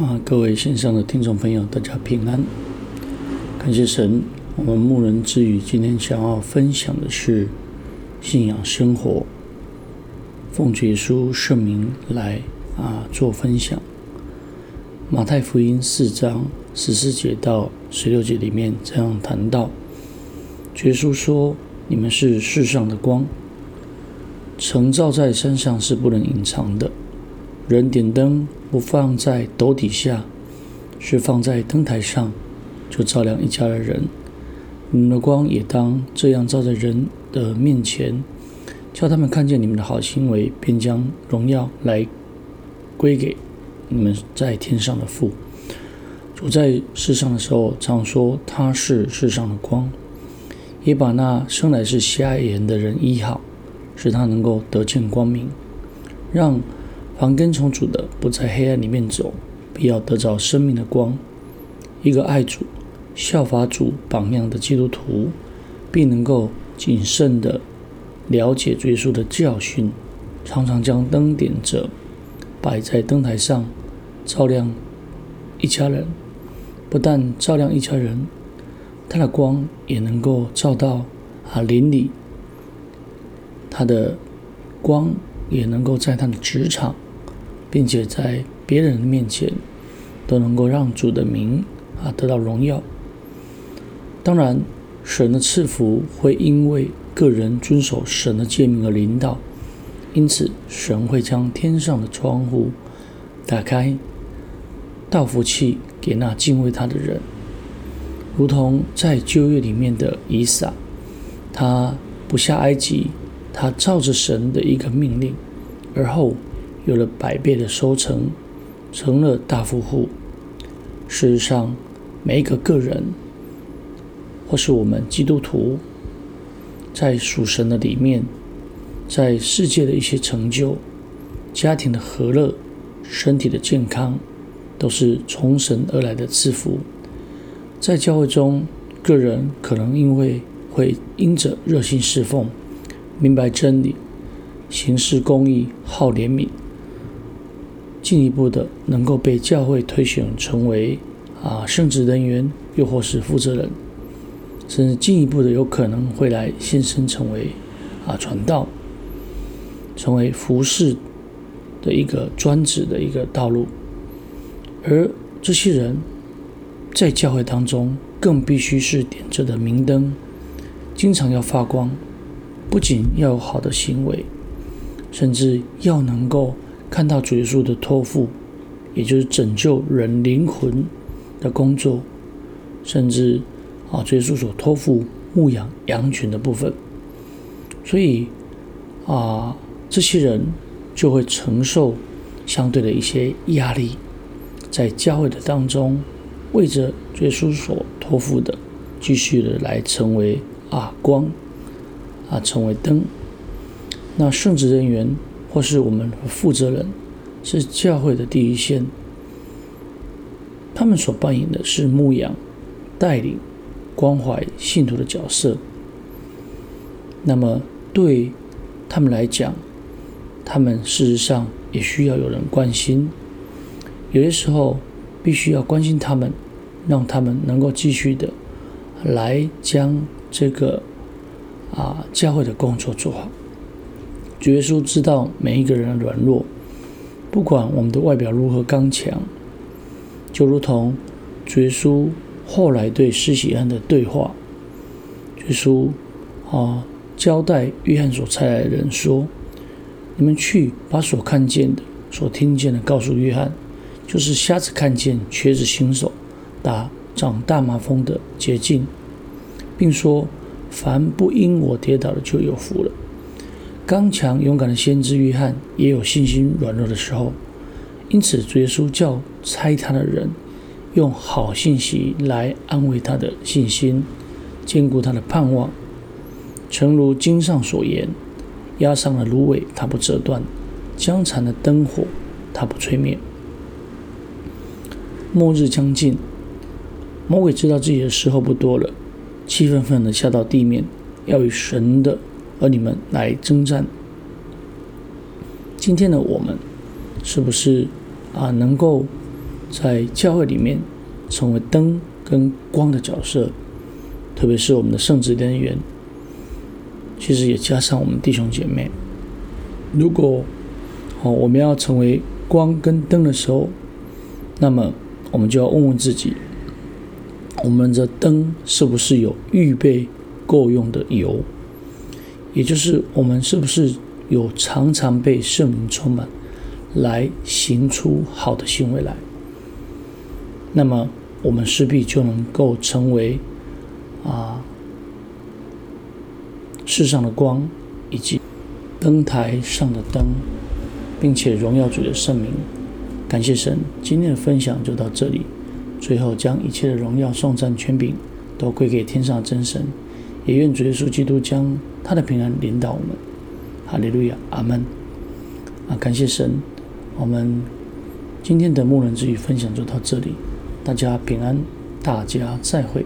啊，各位線上的聽眾朋友，大家平安！感謝神，我們牧人之語今天想要分享的是信仰生活，奉耶穌聖名來啊做分享。馬太福音四章十四節到十六節裡面這樣談到，耶穌說，你們是世上的光，城造在山上是不能隱藏的。人點燈，不放在斗底下，是放在燈臺上，就照亮一家的人。你們的光也當這樣照在人的面前，叫他們看見你們的好行為，便將榮耀來歸給你們在天上的父。主在世上的時候，常說他是世上的光，也把那生來是瞎眼的人醫好，使他能夠得見光明，讓。凡跟從主的，不在黑暗裡面走，必要得着生命的光。一個愛主、效法主、榜樣的基督徒，必能夠謹慎的了解追溯的教訓，常常將燈點着，擺在燈臺上，照亮一家人。不但照亮一家人，他的光也能夠照到啊鄰里。他的光也能夠在他的職場。並且在別人的面前，都能夠讓主的名啊得到榮耀。當然，神的賜福會因為個人遵守神的誡命而領導，因此神會將天上的窗戶打開，倒福氣給那敬畏他的人，如同在舊約裡面的以撒，他不下埃及，他照着神的一個命令，而後。有了百倍的收成，成了大富戶。事實上，每一個個人，或是我們基督徒，在屬神的裡面，在世界的一些成就、家庭的和樂、身體的健康，都是從神而來的賜福。在教會中，個人可能因為會因着熱心侍奉、明白真理、行事公義、好憐憫。進一步的能夠被教會推選成為啊聖職人員，又或是負責人，甚至進一步的有可能會來獻身成為啊傳道，成為服事的一個專職的一個道路。而這些人在教會當中，更必須是點着的明燈，經常要發光，不僅要有好的行為，甚至要能夠。看到主耶穌的托付，也就是拯救人靈魂的工作，甚至啊，主耶穌所托付牧羊羊群的部分，所以啊、呃，這些人就會承受相對的一些壓力，在教會的當中，為着主耶穌所托付的，繼續的來成為啊光，啊成為燈，那聖職人員。或是我們負責人是教會的第一線，他們所扮演的是牧養、帶領、關懷信徒的角色。那麼對他們來講，他們事實上也需要有人關心，有些時候必須要關心他們，讓他們能夠繼續的來將這個啊教會的工作做好。耶穌知道每一個人的軟弱，不管我們的外表如何剛強，就如同耶穌後來對施洗安的對話，耶穌啊交代約翰所差來的人說：“你們去把所看見的、所聽見的告訴約翰，就是瞎子看見子新、瘸子行手打長大麻風的潔淨，並說：凡不因我跌倒的，就有福了。”剛強勇敢的先知約翰也有信心軟弱的時候，因此主耶穌叫差他的人用好信息來安慰他的信心，堅固他的盼望。誠如經上所言：“壓上了蘆葦，它不折斷；將殘的燈火，它不吹滅。”末日將近，魔鬼知道自己的時候不多了，氣憤憤地下到地面，要與神的。和你們來征戰。今天的我們，是不是啊？能夠在教會裡面成為燈跟光的角色，特別是我們的聖職人員。其實也加上我們弟兄姐妹。如果好，我們要成為光跟燈的時候，那麼我們就要問問自己：我們的燈是不是有預備夠用的油？也就是我們是不是有常常被聖靈充滿，來行出好的行為來？那麼我們勢必就能夠成為啊世上的光，以及燈台上的燈，並且榮耀主的聖名。感謝神，今天的分享就到這裡。最後將一切的榮耀、頌讚、權柄都歸給天上的真神，也願主耶穌基督將。他的平安領導我們，哈利路亞，阿門。啊，感謝神，我們今天的牧人之語分享就到這裡，大家平安，大家再會。